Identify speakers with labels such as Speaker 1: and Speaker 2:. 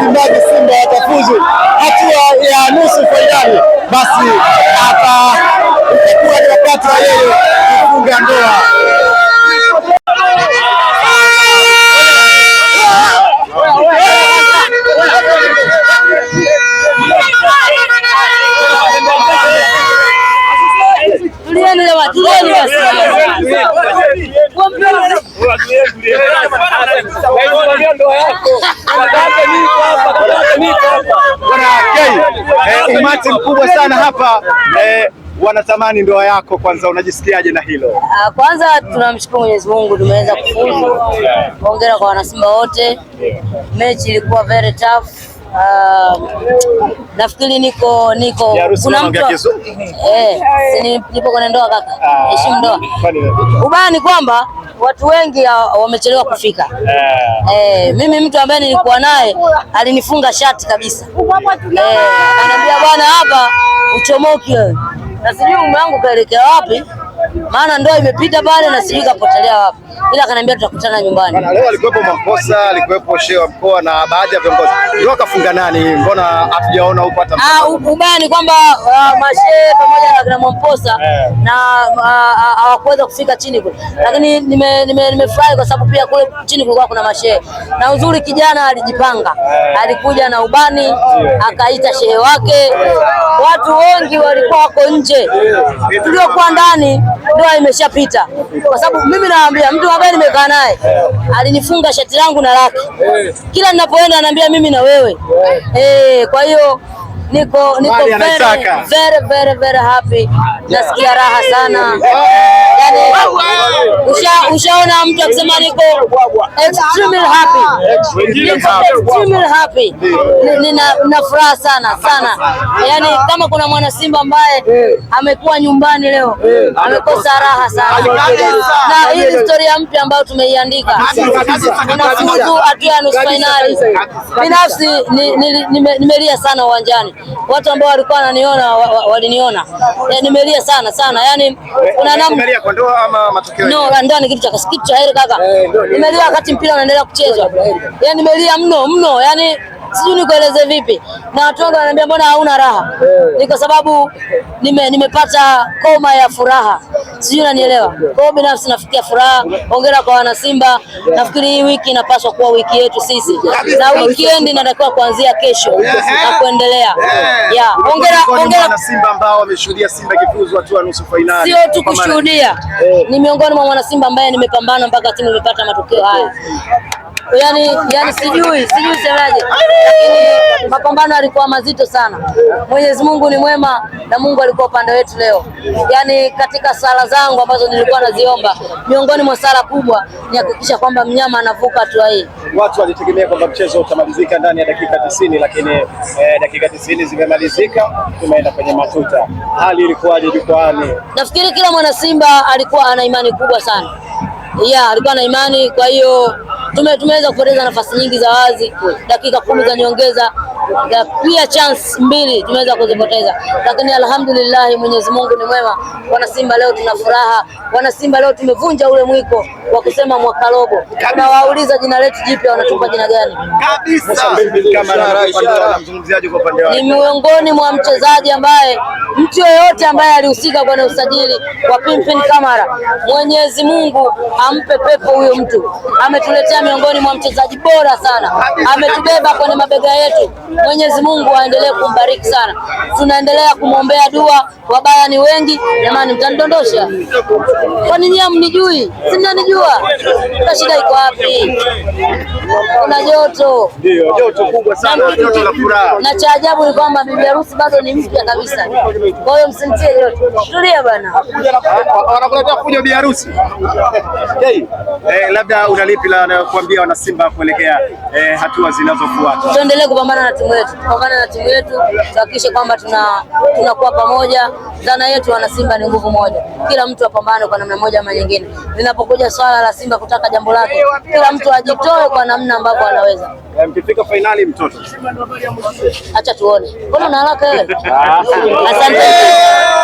Speaker 1: Msimbazi Simba watafuzu hatua ya nusu fainali, basi wakati wa yeye kufunga ndoa. umati mkubwa sana hapa eh, wanatamani ndoa yako, kwanza unajisikiaje na hilo?
Speaker 2: Ah, kwanza tunamshukuru Mwenyezi Mungu tumeweza kufuzu. Hongera kwa wanasimba wote, mechi ilikuwa very tough. Uh, nafikiri niko niko kuna mtu eh, nipo kwenye ndoa kaka, ah, heshimu ndoa ubaya ni kwamba watu wengi wamechelewa kufika yeah. E, eh, mimi mtu ambaye nilikuwa naye alinifunga shati kabisa e, eh, anambia bwana, hapa uchomoki wewe, na sijui mume wangu kaelekea wapi, maana ndoa imepita pale na sijui kapotelea wapi ila akaniambia tutakutana nyumbani.
Speaker 1: Leo alikuwepo makosa, alikuwepo shehe wa mkoa na baadhi ya viongozi. Leo kafunga nani? Mbona hatujaona huko hata
Speaker 2: ah, ni kwamba uh, mashehe pamoja na kina Mwamposa yeah. na ah, ah, hawakuweza uh, uh, kufika chini kule yeah. Lakini nimefurahi nime, nime kwa sababu pia kule chini kulikuwa kuna mashehe na uzuri, kijana alijipanga yeah. Alikuja na ubani yeah. Akaita shehe wake yeah. Watu wengi walikuwa wako nje yeah. Tuliokuwa ndani ndio imeshapita, kwa sababu mimi naambia mtu mtu ambaye nimekaa naye alinifunga shati langu na lake kila ninapoenda ananiambia mimi na wewe eh. eh kwa hiyo niko
Speaker 1: niko very
Speaker 2: very very happy, nasikia raha sana eh. yani ushaona mtu akisema niko extremely happy, extremely happy, nina furaha sana sana. Yani kama kuna mwana Simba ambaye eh. amekuwa nyumbani leo eh. amekosa raha sana, na hii historia mpya ambayo tumeiandika, tunafuzu hatua ya nusu fainali. Binafsi nimelia sana uwanjani, watu ambao walikuwa wananiona waliniona, eh, nimelia sana sana, yani kuna namna ndio kitu akaskip cha heri kaka, nimelia wakati mpira unaendelea kuchezwa, yani nimelia mno mno, yani sijui nikueleze vipi, na watu wangu wananiambia mbona hauna raha? Eh. Ni kwa sababu nime, nimepata koma ya furaha sijui unanielewa. Kwa hiyo binafsi nafikia furaha, hongera kwa wana Simba. Nafikiri hii wiki inapaswa kuwa wiki yetu sisi, na weekend inatakiwa kuanzia kesho na kuendelea.
Speaker 1: Yeah, hongera hongera wana Simba ambao wameshuhudia Simba ikifuzu hatua nusu finali.
Speaker 2: Sio tu kushuhudia, eh. ni miongoni mwa wana Simba ambaye nimepambana mpaka timu imepata matokeo haya yani, yani sijui sijui semaje, lakini mapambano yalikuwa mazito sana. Mwenyezi Mungu ni mwema na Mungu alikuwa upande wetu leo. Yani katika sala zangu ambazo nilikuwa naziomba, miongoni mwa sala kubwa ni kuhakikisha kwamba mnyama anavuka hatua hii.
Speaker 1: Watu walitegemea kwamba mchezo utamalizika ndani ya dakika tisini lakini eh, dakika tisini zimemalizika, tumeenda kwenye matuta. Hali ilikuwaje jukwaani?
Speaker 2: Nafikiri kila mwana Simba alikuwa ana imani kubwa sana, yeah, alikuwa na imani, kwa hiyo Tumeweza kupoteza nafasi nyingi za wazi, dakika kumi za nyongeza na pia chance mbili tumeweza kuzipoteza, lakini alhamdulillah, Mwenyezi Mungu ni mwema. Wana Simba leo tuna furaha, wana Simba leo tumevunja ule mwiko wa kusema mwaka robo. Tunawauliza jina letu jipya, wanatupa jina gani? Ni miongoni mwa mchezaji ambaye mtu yoyote ambaye alihusika kwenye usajili wa Pimpin Kamara, Mwenyezi Mungu ampe pepo huyo mtu. Ametuletea miongoni mwa mchezaji bora sana, ametubeba kwenye mabega yetu Mwenyezi Mungu aendelee kumbariki sana. Tunaendelea kumwombea dua, wabaya ni wengi jamani, mtanidondosha. Kwa nini Mnijui Si mnanijua. Shida iko wapi? Kuna joto,
Speaker 1: joto kubwa sana, joto la furaha.
Speaker 2: Na cha ajabu ni kwamba bibi harusi bado ni mpya kabisa, kwa hiyo msimtie joto. Tulia bwana,
Speaker 1: ah, wanakuletea fujo bibi harusi. Eh, labda unalipi la kuambia wana Simba kuelekea eh, hatua zinazofuata?
Speaker 2: Tuendelee kupambana na timu yetu, tupambane na timu yetu, tuhakikishe kwamba tuna tunakuwa pamoja. Dhana yetu wana Simba ni nguvu moja, kila mtu apambane kwa namna moja ama nyingine. Linapokuja swala la Simba kutaka jambo lake, kila mtu ajitoe kwa namna ambavyo anaweza.
Speaker 1: Mkifika fainali, mtoto
Speaker 2: acha tuone, mbona una haraka wewe? Asante.